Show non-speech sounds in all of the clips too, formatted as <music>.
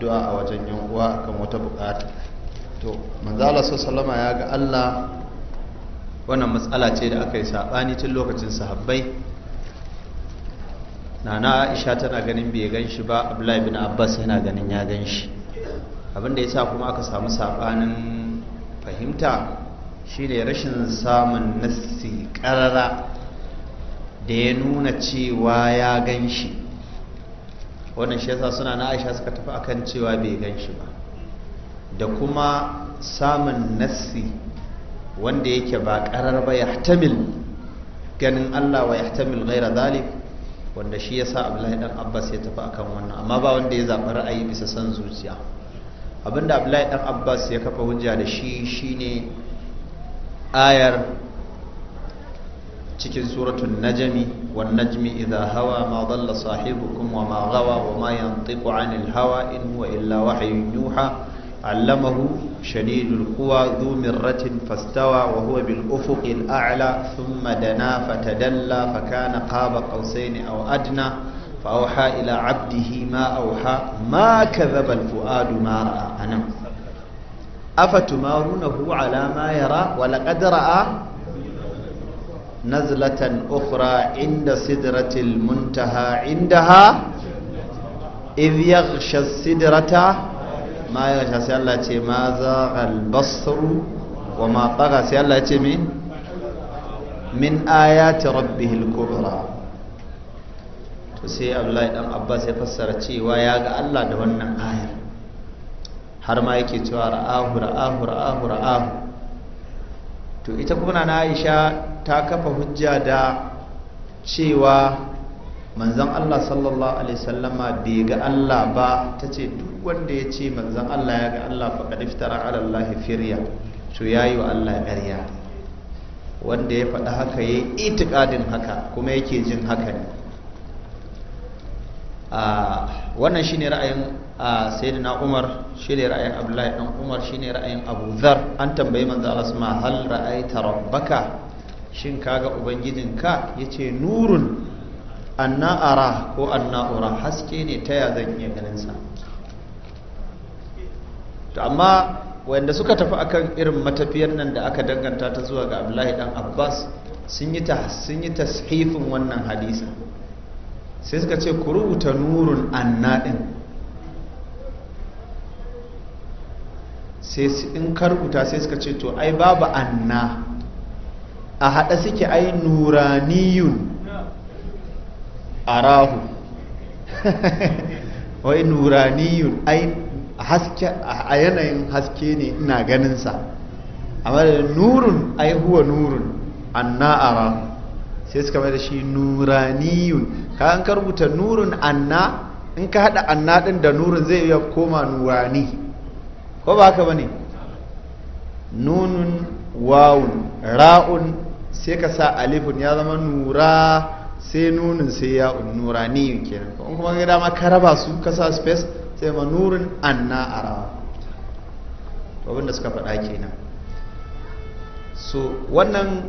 addu'a a wajen yan uwa kan wata bukata to Manzala Allah salama ya ga Allah wannan matsala ce da aka yi sabani tun lokacin sahabbai nana Aisha tana ganin bai gan shi ba Abdullahi bin Abbas yana ganin ya gan shi abinda sa kuma aka samu saɓanin fahimta shine rashin samun nassi karara da ya nuna cewa ya gan shi wannan shi yasa suna na aisha suka tafi akan cewa bai gan shi ba da kuma samun nassi wanda yake ba karar ba ya tamil ganin allah wa ya tamil gaira zalik wanda shi yasa abdullahi dan abbas ya tafi akan wannan amma ba wanda ya zaɓi ra'ayi bisa san zuciya abinda abdullahi dan abbas ya kafa hujja da shi shine ayar cikin suratun najmi wan najmi idha hawa ma dalla sahibukum wa ma gawa wa ma yantiqu anil hawa in huwa illa wahyun yuha علمه شديد القوى ذو مرة فاستوى وهو بالأفق الأعلى ثم دنا فتدلى فكان قاب قوسين أو أدنى فأوحى إلى عبده ما أوحى ما كذب الفؤاد ما رأى أنا أفتمارونه على ما يرى ولقد رأى nazlatan ukhra inda sidratil muntaha indaha idh yaghsha sidrata ma yaghsha sai Allah ce ma zaghal wa ma tagha sai Allah ce me min ayati kubra to sai dan Abbas ya fassara cewa ya ga Allah da wannan ayar har ma yake cewa ra'ahu ra'ahu ra'ahu ra'ahu to ita kuma na aisha ta kafa hujja da cewa manzan allah sallallahu alaihi sallama bai ga allah ba ta ce duk wanda ya ce manzan allah ya ga allah faɗa iftara alallahi firya to ya yi wa allah ƙarya wanda ya faɗa haka ya yi itikadin haka kuma yake jin haka ne ah, wannan shine ra'ayin sayyidina umar shi ne ra'ayin abdullahi dan umar shi ne ra'ayin abu zar an tambayi manzo Allah sama hal ra'aita rabbaka shin kaga ubangijinka yace nurun anna ara ko anna ura haske ne ta ya zan iya ganin sa to amma wanda suka tafi akan irin matafiyar nan da aka danganta ta zuwa ga abdullahi dan abbas sun yi sun yi tashifin wannan hadisi sai suka ce ku rubuta nurun anna din sai in karkuta sai suka ce to ai babu anna a haɗa suke ai nuraniyun arahu <laughs> wai nuraniyun ai haske. a yanayin haske ne ina ganinsa amma da nurun ai huwa nurun anna arahu sai suka mai da shi nuraniyun ka an ka nurun anna in ka haɗa anna ɗin da nurun zai iya koma nurani ko ba haka bane nunun wawun ra'un sai ka sa alifun ya zama nura sai nunin sai ya nura ni kenan in kuma ga dama ka raba su ka sa space sai ma nurun anna arawa abin da suka faɗa kenan so wannan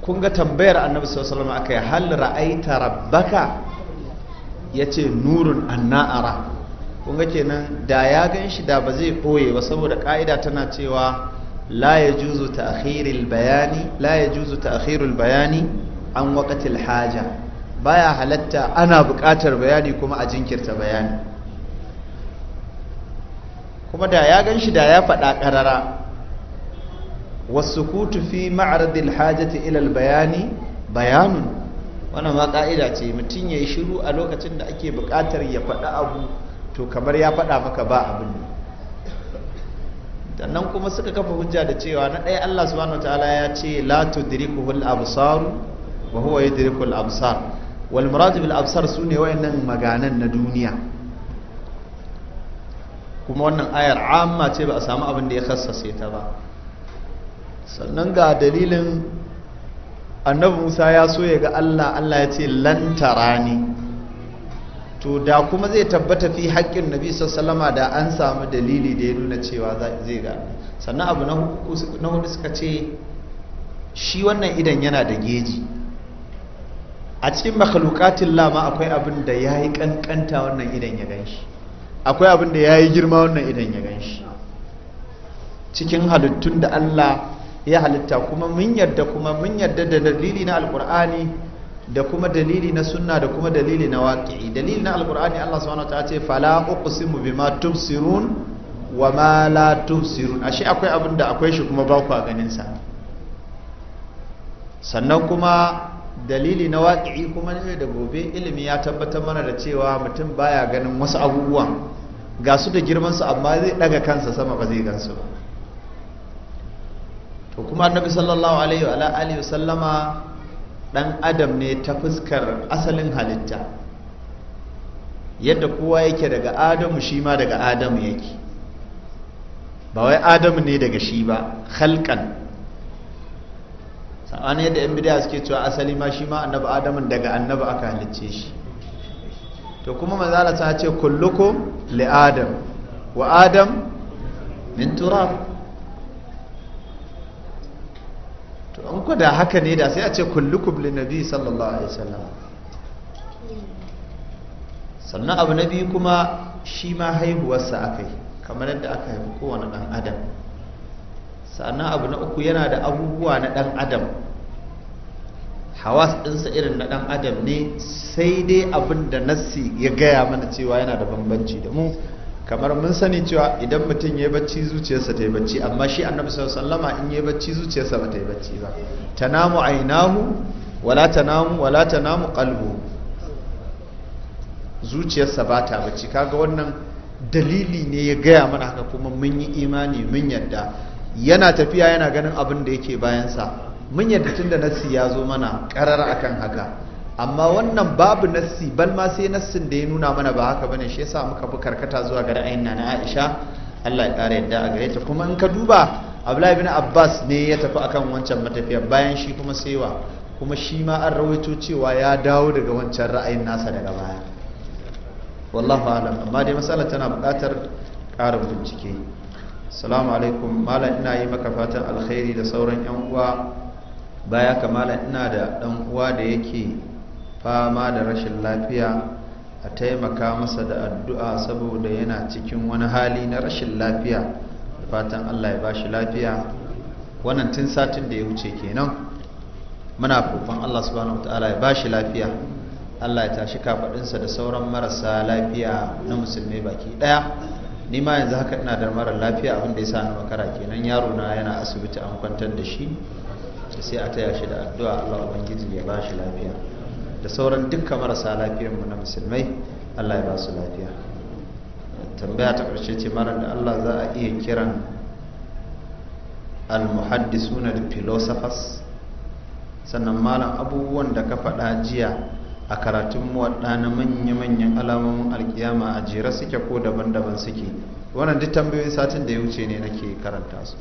kun ga tambayar annabi sallallahu alaihi wasallam akai hal ra'aita rabbaka yace nurun anna ara kun ga kenan da ya gan shi da ba zai ɓoye ba saboda ƙa'ida tana cewa la ya juzu ta'khirul bayani la ya juzu ta'khirul bayani an waqatil haja baya halatta ana buƙatar bayani kuma a jinkirta bayani kuma da ya gan shi da ya faɗa ƙarara wasu kutu fi ma'aradil hajati ilal bayani bayanun wannan ma ƙa'ida ce mutum ya yi shiru a lokacin da ake buƙatar ya faɗa abu to kamar ya faɗa maka ba abin ne sannan kuma suka kafa hujja da cewa na ɗaya Allah subhanahu ta'ala ya ce la tudrikuhul absar wa huwa yudrikul absar wal murad bil absar sune wayannan maganan na duniya kuma wannan ayar amma ce ba a samu abin da ya khassace ta ba sannan ga dalilin annabi Musa ya so ya ga Allah Allah ya ce lan tarani to da kuma zai tabbata fi haƙƙin nabi sallama da an samu dalili da ya nuna cewa zai ga sannan abu na hudu suka ce shi wannan idan yana da geji a cikin makhlukatin lama akwai abin da ya yi ƙanƙanta wannan idan ya gan shi akwai abin da ya yi girma wannan idan ya gan shi cikin halittun da allah ya halitta kuma mun yarda kuma mun yarda da dalili na alkur'ani da kuma dalili na sunna da kuma dalili na waƙi'i dalili na Alƙur'ani Allah subhanahu ta ce fala uqsimu bima tumsirun wa ma la tumsirun ashe akwai abin da akwai shi kuma ba ku ganin sa sannan kuma dalili na waƙi'i kuma ne da gobe ilimi ya tabbatar mana da cewa mutum baya ganin wasu abubuwan ga su da girman su amma zai daga kansa sama ba zai gansu ba to kuma annabi sallallahu alaihi wa alihi wa sallama ɗan adam ne ta fuskar asalin halitta yadda kowa yake daga adamu shi ma daga adamu yake ba wai adamu ne daga shi ba halkan sa'an yadda yan bidiya suke cewa asali ma shi ma annabi adamun daga annabi aka halicce shi to kuma manzala ta ce kulluko li adam wa adam min turab in da haka ne da sai a ce na biyu sallallahu alaihi sannan abu na biyu kuma shi ma haihuwarsa aka yi kamar yadda aka haifi kowane ɗan adam sannan abu na uku yana da abubuwa na ɗan adam hawas ɗinsa irin na ɗan adam ne sai dai abin da nassi ya gaya mana cewa yana da bambanci da mu kamar mun sani cewa idan mutum ya bacci zuciyarsa ta yi bacci amma shi annabi sallama in ya bacci zuciyarsa ba ta yi bacci ba tanamu ainahu wala tanamu wala tanamu qalbu zuciyarsa ba ta bacci kaga wannan dalili ne ya gaya mana haka kuma mun yi imani mun yadda yana tafiya yana ganin abin da yake bayansa mun yadda tunda da nasi ya zo mana karar akan haka amma wannan babu nassi bal ma sai nassin da ya nuna mana ba haka bane shi yasa muka fi karkata zuwa ga ra'ayin na Aisha Allah ya ƙara yadda a gare ta kuma in ka duba Abdullahi ibn Abbas ne ya tafi akan wancan matafiyar bayan shi kuma saiwa kuma shi ma an rawaito cewa ya dawo daga wancan ra'ayin nasa daga baya wallahu alam amma dai masala tana buƙatar ƙarin bincike assalamu alaikum malam ina yi maka fatan alkhairi da sauran yan uwa baya kamala ina da dan uwa da yake fama da rashin lafiya a taimaka masa da addu'a saboda yana cikin wani hali na rashin lafiya fatan allah ya ba shi lafiya wannan tun satin da ya wuce kenan muna fufan allah subhanahu wata'ala ya ba shi lafiya allah ya tashi kafaɗinsa da sauran marasa lafiya na musulmi baki ɗaya ni ma yanzu haka ina da mara lafiya abin da ya sa na makara kenan yaro na yana asibiti an kwantar da shi sai a taya shi da addu'a allah ubangiji ya ba shi lafiya da sauran dukkan marasa lafiyar mu na musulmai allah ya ba su lafiya tambaya ta ƙarshe ce mara da allah za a iya kiran al na da philosophers sannan malam abubuwan da ka faɗa jiya a karatun muwaɗa na manya-manyan alamomin alkiyama a jere suke ko daban-daban suke wannan duk tambayoyin satin da ya wuce ne nake karanta su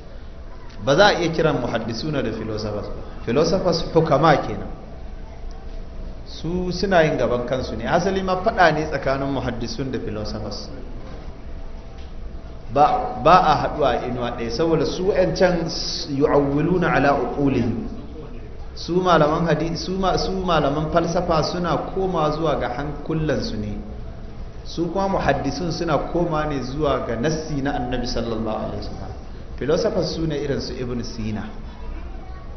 ba za a iya kiran muhaddisuna da philosophers philosophers hukama kenan su suna yin gaban kansu ne asali ma faɗa ne tsakanin muhaddisun da philosophers ba a haɗuwa inuwa ɗaya saboda su ‘yancan yu'awwiluna ala uqulihim su malaman su malaman falsafa suna koma zuwa ga hankulansu ne su kuma muhaddisun suna koma ne zuwa ga nassi na annabi sallallahu alaihi wasallam philosophers su ne irin su ibn sina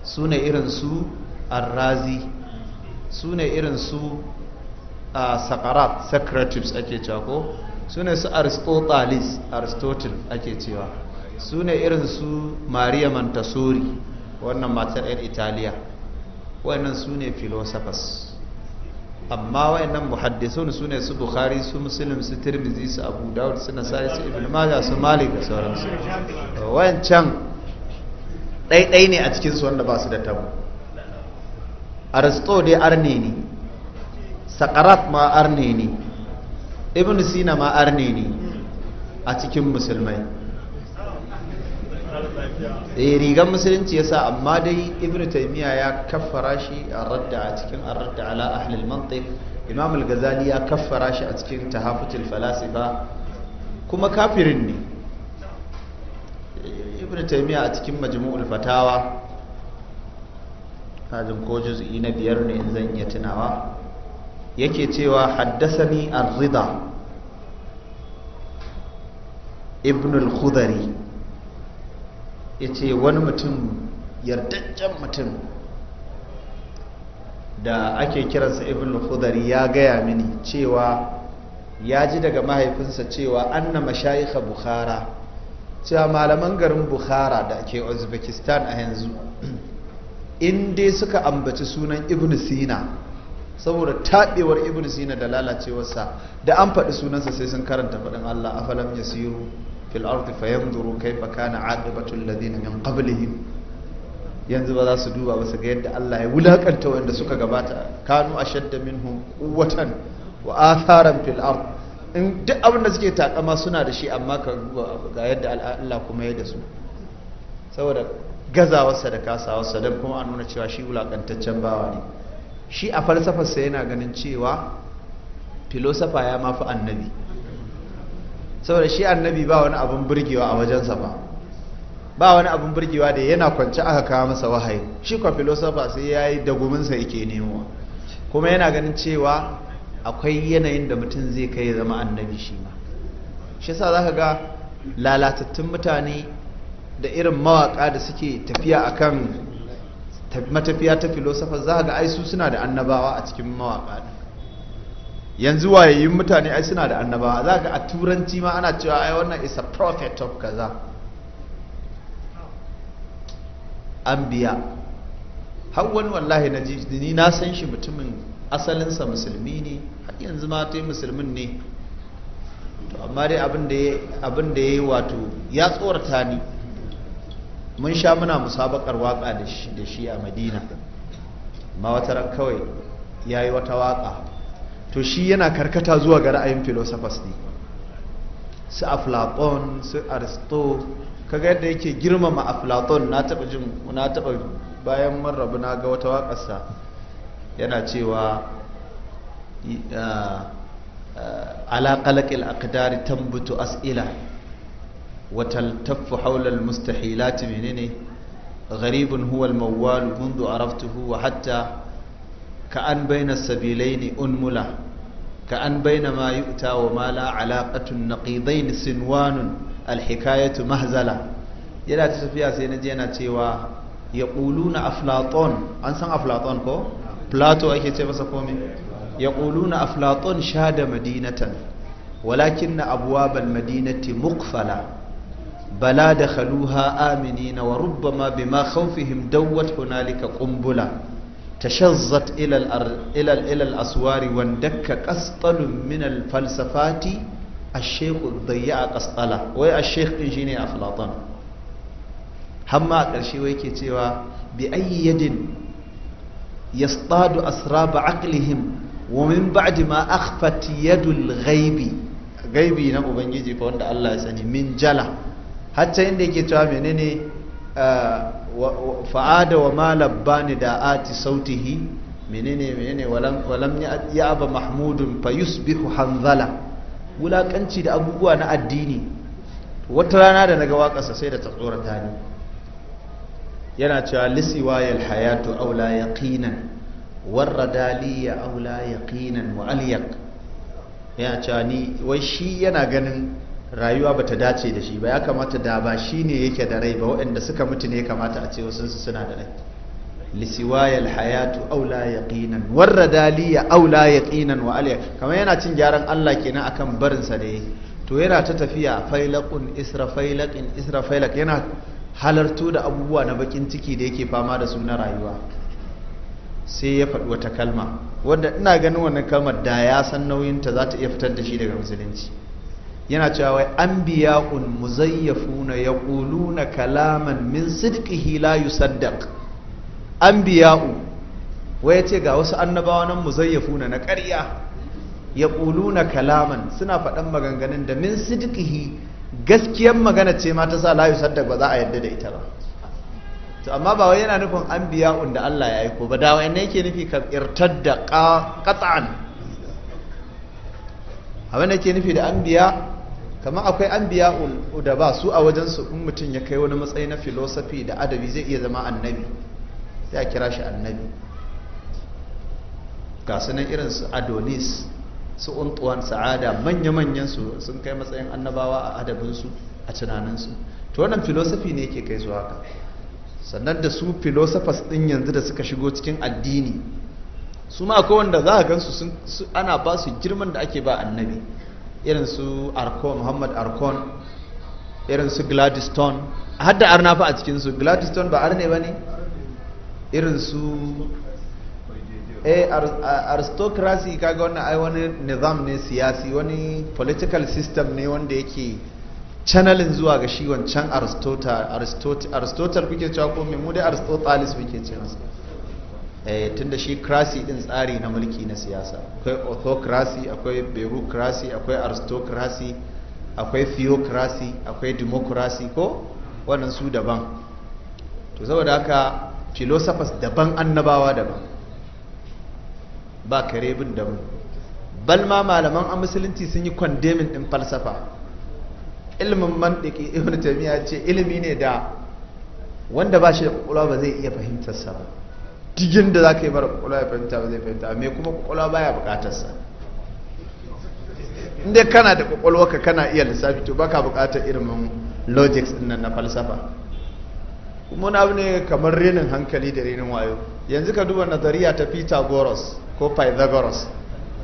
su ne irin su arrazi su ne irin su a sakarat secretives ake cewa ko su ne su aristotelis aristotle ake cewa su ne irin su maria montessori wannan matar 'yan italiya wannan su ne philosophers amma wayannan muhaddisun su ne su bukhari su muslim su tirmizi su abu dawud su nasari su ibn majah su malik da sauransu wayancan ɗaiɗai ne a cikinsu wanda ba su da tabo aristo dai arne ne sakarat ma arne ne ibn sina ma arne ne a cikin musulmai eh rigar musulunci yasa amma dai ibn taymiya ya kaffara shi a radda a cikin ar-radda ala ahli al-mantiq imam al-ghazali ya kaffara shi a cikin tahafutul falasifa kuma kafirin ne eh, ibn taymiya a cikin majmu'ul fatawa hajin ko juz'i na biyar ne in zan iya tunawa yake cewa haddasani ar-rida ibn al-khudari yace wani mutum yardaccen mutum da ake kiransa ibnul al-khudari ya gaya mini cewa ya ji daga mahaifinsa cewa anna mashayikha bukhara cewa malaman garin bukhara da ke uzbekistan a yanzu in dai suka ambaci sunan ibn sina saboda taɓewar ibn sina da lalacewarsa da an faɗi sunansa sai sun karanta faɗin allah a ya yasiru fil ardi kai kaifa kana aqibatu ladina min qablihim yanzu ba za su duba ba su ga yadda Allah ya wulakanta wanda suka gabata kanu ashadda minhum quwwatan wa atharan fil ard in duk abin da suke takama suna da shi amma ka ga yadda Allah kuma ya da su saboda gazawarsa da kasawarsa don kuma a nuna cewa shi wulaƙantaccen bawa ne shi a falsafarsa yana ganin cewa filosofa ya mafi annabi saboda shi annabi ba wani abin burgewa a wajensa ba ba wani abin burgewa da yana kwance aka kawo masa wahayi shi kwa filosofa sai ya yi daguminsa yake nemo kuma yana ganin cewa akwai yanayin da mutum zai kai zama annabi shi ma shi sa za ka ga lalatattun mutane da irin mawaka da suke tafiya akan matafiya ta filosofa za ga ai suna da annabawa a cikin mawaka yanzu wayayyun mutane ai suna da annabawa za ga a turanci ma ana cewa ai wannan is a prophet of kaza anbiya har wani wallahi na ji ni na san shi mutumin asalinsa musulmi ne har yanzu ma ta musulmin ne to amma dai abin da ya yi wato ya tsorata ni mun sha muna musabakar waka da shi a madina ma wata ran kawai ya yi wata waka to shi yana karkata zuwa ga ra'ayin philosophers ne su aflaton su aristo kaga yadda yake girmama aflaton na taba jin na taba bayan mun rabu na ga wata waƙarsa yana cewa ah, ah, alaƙalaƙil qalaqil aqdari tambutu as'ila وتلتف حول المستحيلات منيني غريب هو الموال منذ عرفته وحتى كأن بين السبيلين أنملة كأن بين ما يؤتى وما لا علاقة النقيضين سنوان الحكاية مهزلة يلا تسفيا سينجينا تيوا يقولون أفلاطون أنسان أفلاطون كو بلاتو أيكي تيوا سكومي يقولون أفلاطون شاد مدينة ولكن أبواب المدينة مقفلة بلا دخلوها آمنين وربما بما خوفهم دوت هنالك قنبلة تشظت إلى إلى إلى الأسوار واندك قسطل من الفلسفات الشيخ ضيع قسطلة وي الشيخ إنجيني أفلاطون هما قرشي ويكي تيوا بأي يد يصطاد أسراب عقلهم ومن بعد ما أخفت يد الغيب غيبي نقو بنجي فوند الله سني من جلا hatta inda yake cewa menene ah, fa'ada wa ma labbani da ati sautihi menene menene walam ya aba mahmudun fa yusbihu hanzala wulakanci da abubuwa na addini wata rana da naga waƙarsa sai da ta tsorata ni yana cewa lisiwayal hayatu aula yaqinan warra daliya aula yaqinan wa aliyaq yana cewa ni wai shi yana ganin rayuwa ba ta dace da shi ba ya kamata da ba shi ne yake da rai ba waɗanda suka mutu ne kamata a ce wasu suna da rai lisiwaya hayatu aula yaqinan warra daliya aula yaqinan wa kamar yana cin gyaran Allah kenan akan barin sa da yake to yana ta tafiya failaqun isra failaqin yana halartu da abubuwa na bakin ciki da yake fama da su na rayuwa sai ya faɗi wata kalma wanda ina ganin wannan kalmar da ya san nauyinta za ta iya fitar da shi daga musulunci yana cewa wai anbiya'un muzayyafuna ƙuluna kalaman min sidqihi an biya anbiya'u wai ce ga wasu annabawa nan muzayyafu na ƙarya ƙuluna kalaman suna faɗan maganganun da min sidqihi gaskiyan magana ce ma ta sa layu saddaq ba za a yadda da ita ba to amma ba wai yana nufin an biya un da Allah ya aiko ba da ne yake nufi ka irtadda qat'an abin da ke nufi da biya. kamar akwai an biya da ba su a wajen su in mutum ya kai wani matsayi na filosofi da adabi zai iya zama annabi sai a kira shi annabi ga su nan irin su adonis su untuwan sa'ada manya-manyan su sun kai matsayin annabawa a adabinsu a tunaninsu to wannan filosofi ne ke kai zuwa haka sannan da su filosofas din yanzu da suka shigo cikin addini su ma akwai wanda za a gansu ana ba su girman da ake ba annabi irin su arkon muhammad arkon irin su gladstone hadda arna fa a cikin su gladstone ba arne ba ne irin su eh aristocracy kaga wannan ai wani nizam ne siyasi wani political system ne wanda yake channeling zuwa ga shi wancan aristotle aristotle kuke cewa ko mu dai aristotle muke cewa Eh, tunda shi krasi din tsari na mulki na siyasa akwai autocracy akwai bureaucracy akwai aristocracy akwai theocracy akwai democracy ko wannan su daban to saboda haka philosophers daban annabawa daban ba kare bin daban bal ma malaman a musulunci sun yi condemning din falsafa ilmin mantiki ibn taymiya ce ilimi ne da wanda ba shi da ba zai iya fahimtar sa ba digin da za ka yi mara kwakwalwa ya fahimta ba zai fahimta mai kuma kwakwalwa baya bukatarsa inda kana da kwakwalwa ka kana iya lissafi to baka bukatar irin logics din na falsafa kuma wani abu ne kamar renin hankali da renin wayo yanzu ka duba nazariya ta pythagoras ko pythagoras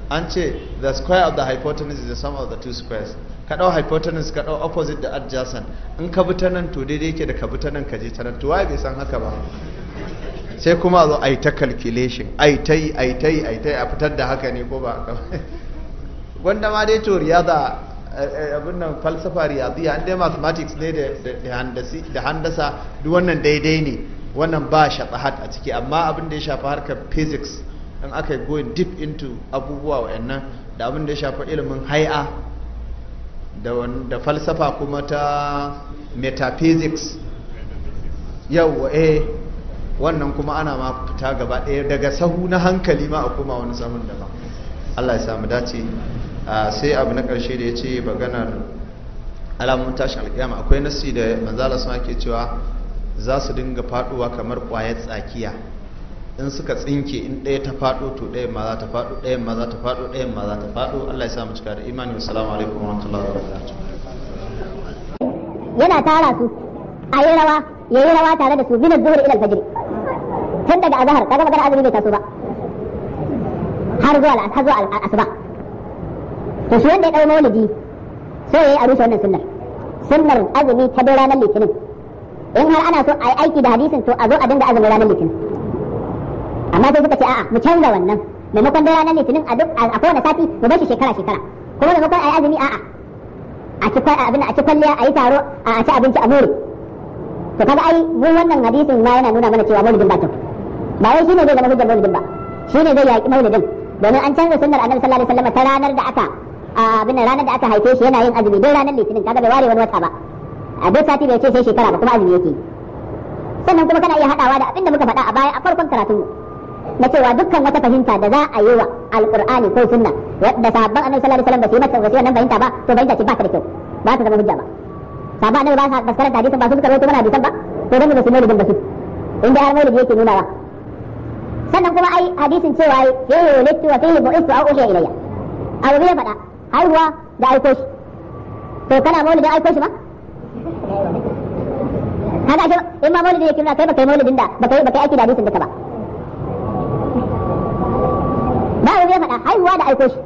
an ce the square of the hypotenuse is the sum of the two squares ka hypotenuse ka opposite da adjacent in ka bi ta nan to daidai yake da ka bi ta nan ka je ta nan to waye bai san haka ba sai kuma zo a yi ta calculation a yi ta yi a yi ta yi a yi ta yi a fitar da haka ne ko ba haka <laughs> wanda ma dai to riyada eh, eh, abin nan falsafa riyadiyya an dai mathematics ne da handasa duk wannan daidai ne wannan ba shatsahat a ciki amma abin da ya shafi harkar physics in aka yi going deep into abubuwa wa'annan da abin da ya shafi ilimin hai'a da falsafa kuma ta metaphysics yau eh wannan kuma ana ma fita gaba ɗaya daga sahu na hankali ma a koma wani sahun ba. Allah ya samu dace sai abu na ƙarshe da ya ce maganar alamun tashin alƙiyama akwai nasi da manzala suna ke cewa za su dinga faɗuwa kamar ƙwayar tsakiya in suka tsinke in ɗaya ta faɗo to ɗaya ma za ta faɗo ɗaya ma za ta faɗo ɗaya ma za ta faɗo Allah ya samu cika da imani wa salamu alaikum wa rahmatullahi wa barakatuh yana tara su a yi rawa ya yi rawa tare da su bin zuhur ila fajr tun daga azhar kaga magana azumi bai taso ba har zuwa har zuwa asuba to shi wanda ya dau maulidi sai yayi a rushe wannan sunnar sunnar azumi ta dai ranar litinin in har ana so a aiki da hadisin to a zo a dinga azumi ranar litinin amma sai suka ce a'a mu canza wannan maimakon dai ranar litinin a duk a kowane sati mu bar shi shekara shekara kuma maimakon a yi azumi a'a a ci abin a ci kwalliya a yi taro a ci abinci a muri to kaga ai mu wannan hadisin ma yana nuna mana cewa maulidin ba kyau ba wai shine zai zama hujjar maulidin ba shine zai yaki maulidin domin an canza sunnar annabi sallallahu alaihi wasallam ta ranar da aka abin ranar da aka haife shi yana yin azumi dai ranar litinin kaga bai ware wani wata ba a duk sati bai ce sai shekara ba kuma azumi yake sannan kuma kana iya hadawa da abin da muka faɗa a baya a farkon karatun na cewa dukkan wata fahimta da za a yi wa alqur'ani ko sunna da sabban annabi sallallahu alaihi wasallam ba su yi mata nan fahimta ba to fahimta ce ba ta da kyau ba ta zama hujja ba sabban annabi ba sa karanta hadisin ba su suka rawaito mana hadisan ba to dan da su mai da su inda har mai da yake nuna ba sannan kuma ai hadisin cewa ai fihi wulidtu wa fihi bu'ithu a uhiya ilayya abu ya faɗa haihuwa da aiko shi to kana maulidin aiko shi ba kaga ashe in ma ya yake kai baka yi maulidin da baka yi baka yi aiki da hadisin duka ba ba abu ya faɗa haihuwa da aiko shi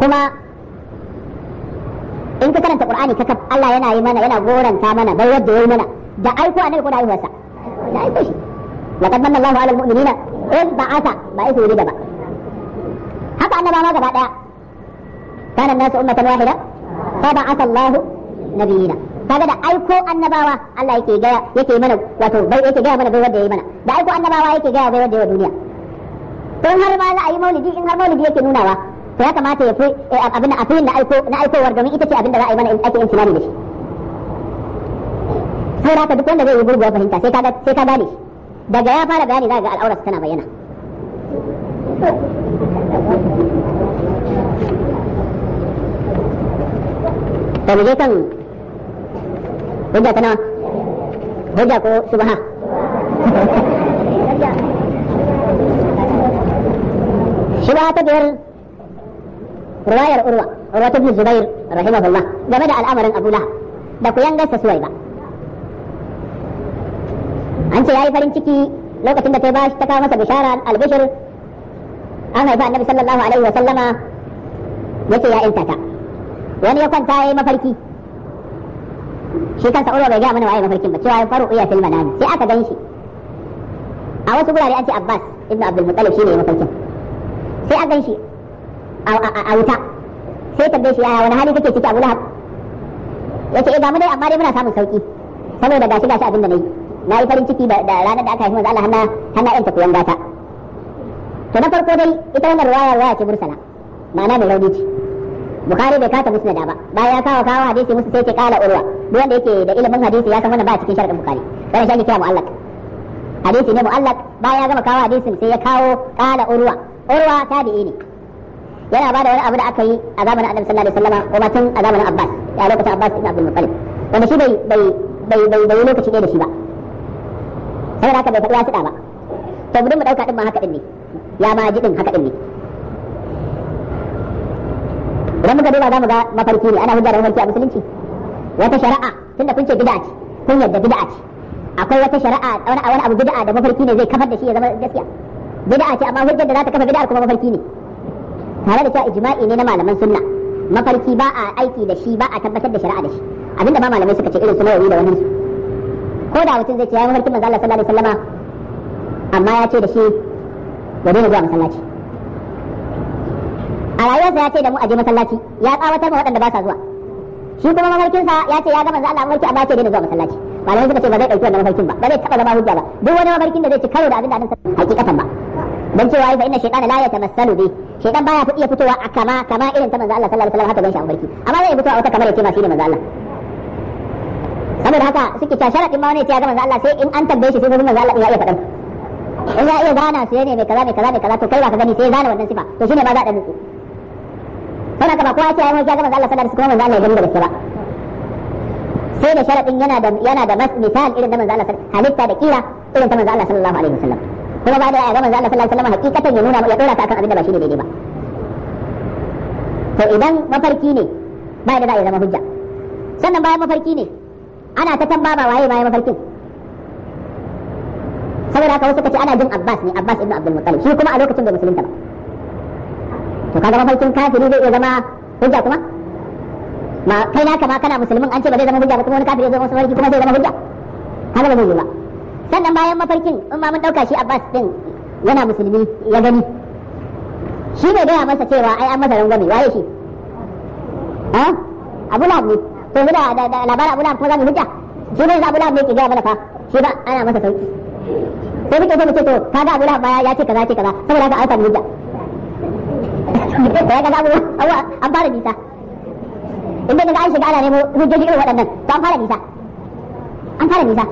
kuma in ka karanta qur'ani kakaf Allah yana yi mana yana goranta mana bai yadda yayi mana da aiko annabi ko da haihuwarsa da aiko shi laqad manna Allahu 'alal mu'minina in ba'atha ba isu rida ba haka annaba ma gaba daya kana nasu ummatan wahida fa ba'atha Allahu nabiyina kaga da aiko annabawa Allah yake gaya yake mana wato bai yake gaya mana bai wanda yayi mana da aiko annabawa yake gaya bai wanda yayi duniya to har ma za a yi maulidi har maulidi yake nunawa to ya kamata ya fi abin da afirin na aiko na ita ce abin a yi mana duk wanda fahimta sai ka gane daga ya fara bayani za ga al'aurar tana bayyana ta mu je kan hujja ta nawa hujja ko subha shubha ta biyar ruwayar urwa urwa ta biyar zubair rahimahullah game da al'amarin abu lahab da ku yangarsa suwai ba an ce ya yi farin ciki lokacin da ta bashi ta kawo masa bishara albishir an haifa annabi sallallahu alaihi wa sallama yace ya inta wani ya kwanta ya yi mafarki shi kansa urwa bai gaya mana waye mafarkin ba cewa faru uya fil manami sai aka gan shi a wasu gurare an ce Abbas ibn Abdul Muttalib ne mafarkin sai aka gan shi a wuta sai tambaye shi yaya wani hali kake ciki Abu Lahab yace eh ga mu dai amma dai muna samun sauki saboda gashi gashi abin da nayi na yi farin ciki da ranar da aka haifi manzo Allah hana hana yan tafiyan gata to na farko dai ita wannan riwaya riwaya ce mursala ma'ana mai rauni ce bukhari bai kata da ba bayan ya kawo kawo hadisi musu sai ke kala urwa duk wanda yake da ilimin hadisi ya san wannan ba cikin sharadin bukhari wannan shi kira mu'allaq hadisi ne mu'allaq bayan ya gama kawo hadisin sai ya kawo kala urwa urwa tabi'i ne yana ba da wani abu da aka yi a zamanin annabi sallallahu alaihi wasallam kuma tun a zamanin abbas a lokacin abbas ibn abdul muttalib wanda shi bai bai bai bai lokaci ne da shi ba sai haka bai faɗi wasu ba to mu mu dauka din ma haka ɗin ne ya ma ji ɗin haka ɗin ne idan muka duba za mu ga mafarki ne ana hujjar mafarki a musulunci wata shari'a tunda kun ce bid'a ce kun yadda bid'a ce akwai wata shari'a wani wani abu bid'a da mafarki ne zai kafar da shi ya zama gaskiya bid'a ce amma hujjar da za ta kafa bid'a kuma mafarki ne tare da cewa ijma'i ne na malaman sunna mafarki ba a aiki da shi ba a tabbatar da shari'a da shi abinda ba malamai suka ce irin su nawawi da wani su ko da mutum zai ce ya mafarki manzo Allah sallallahu alaihi wasallama amma ya ce da shi ya daina zuwa masallaci a rayuwarsa ya ce da mu a je masallaci ya tsawatar ma waɗanda ba sa zuwa shi kuma mafarkinsa ya ce ya ga manzo Allah mafarki amma ya ce daina zuwa masallaci malamai suka ce ba zai ɗauki wannan mafarkin ba ba zai taɓa zama hujja ba duk wani mafarkin da zai ci karo da abin da annabi hakikatan ba dan cewa ai fa inna shaytana la yatamassalu bi shaytan baya iya fitowa a kama kama irin ta manzo Allah sallallahu alaihi wasallam haka gan shi a mafarki amma zai fitowa wata kamar ya ce ma shi ne manzo Allah saboda haka suke ta sharaɗin ma wani ya ga manzo Allah sai in an tambaye shi sai manzo Allah ya iya faɗan in ya iya zana sai ne mai kaza mai kaza mai kaza to kai ba ka gani sai zana wannan sifa to shine ba za a da nutsu saboda haka ba kowa ya yi ya ga manzo Allah sallallahu alaihi wasallam ya gani da gaske ba sai da sharaɗin yana da yana da misal irin da manzo Allah halitta da kira irin ta manzo Allah sallallahu alaihi wasallam kuma ba da ya ga manzo Allah sallallahu alaihi wasallam hakikatan ya nuna ya dora ta akan abin da ba shine daidai ba to idan mafarki ne ba da za ya zama hujja sannan bayan mafarki ne ana ta tabba ba waye baya mafarkin saboda haka wasu kace ana jin Abbas ne Abbas ibn Abdul Muttalib shi kuma a lokacin da musulunta ba to kaga mafarkin kafiri zai iya zama hujja kuma ma kai naka ma kana musulmin an ce ba zai zama hujja ba kuma wani kafiri zai zama musulmi kuma zai zama hujja haka ba zai yi ba sannan bayan mafarkin in ma mun dauka shi Abbas din yana musulmi ya gani shi ne gaya masa cewa ai an masa rangwame waye shi eh Abu Lahab ne to muna da labarin abu kuma za mu hujja shi ne abu lahab ne ke gaya mana fa shi ba ana masa sauki sai muke so mu ce to kaga abu lahab baya ya ce kaza ce kaza saboda haka an samu hujja da ya kaga abu an fara bisa in dai kaga an shiga ana nemo hujjoji irin waɗannan to an fara bisa an fara bisa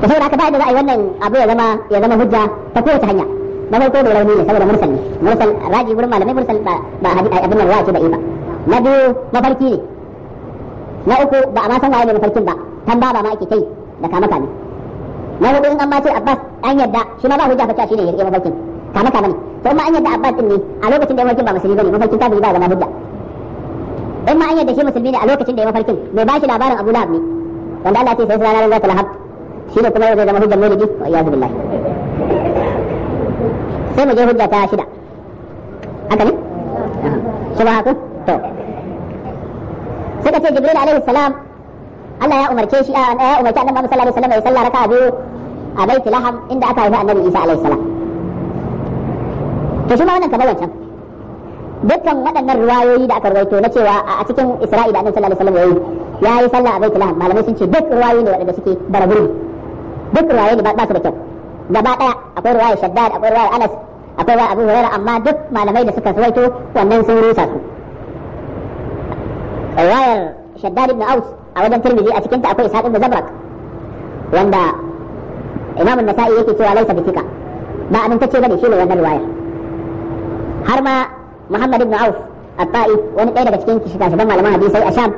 da saboda haka bayar da za a yi wannan abu ya zama ya zama hujja ta kowace hanya na farko mai rauni ne saboda mursal ne mursal raji wurin malamai mursal ba abin nan ruwa ce da ifa na biyu mafarki ne na uku ba a ma san waye ne mafarkin ba tamba ba ma ake kai da ka maka ne na hudu in an ma ce Abbas an yadda shi ma ba hujja fa shi ne ya rike mafarkin kama kama ne to ma an yadda Abbas din ne a lokacin da ya mafarkin ba musulmi bane mafarkin ta kafiri ba zama hujja in ma an yadda shi musulmi ne a lokacin da ya mafarkin mai ba shi labarin Abu Lahab ne wanda Allah ya ce sai ranar zata lahab shi ne kuma zai zama hujjar mulki wa iyyazu billahi sai mu je hujja ta shida haka ne haku. to suka ce jibril alaihi salam Allah ya umarce shi a ya umarce annabi sallallahu alaihi wasallam ya salla raka'a biyu a baiti laham inda aka haifi annabi isa alaihi salam to shi ma wannan kamar wancan dukkan waɗannan ruwayoyi da aka rawaito na cewa a cikin isra'i da annabi sallallahu alaihi wasallam ya yi sallah a baiti laham malamai sun ce duk ruwayoyi ne waɗanda suke baraburi duk ruwayoyi ne ba su da kyau gaba ɗaya akwai ruwayar shaddad akwai ruwayar anas akwai ruwayar abu hurairah amma duk malamai da suka rawaito wannan sun rusa su riwayar shaddad ibn aus a wajen tirmidhi a cikinta akwai ishaq ibn zabrak wanda imam an-nasa'i yake cewa laysa bi thika ba an tace bane ne wannan riwayar har ma muhammad ibn aus at-ta'i wani ɗaya daga cikin kishita shugaban malaman hadisi a sham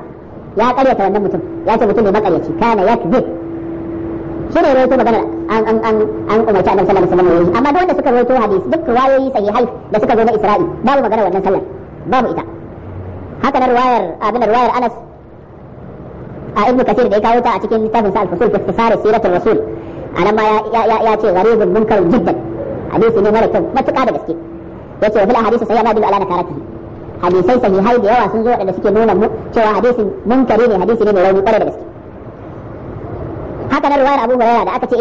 ya karyata wannan mutum ya ce mutum ne makaryaci kana yakdhib shi ne rawaito magana an an an an umarci annabi sallallahu alaihi wasallam amma duk wanda suka rawaito hadisi duk riwayoyi sahihai da suka zo na isra'i babu magana wannan sallar babu ita haka na ruwayar abin ruwayar Anas a ibnu kasir da ya kawo ta a cikin littafin sa al-fusul fi iktisari siratul rasul anan ma ya ce gharibun munkar jiddan hadisi ne mara kyau matuka da gaske yace wa fil ahadisi sai yana dil ala nakarati hadisai sahihai da yawa sun zo da suke nuna mu cewa hadisin munkari ne hadisi ne mai rauni kware da gaske haka na ruwayar Abu Hurairah da aka ce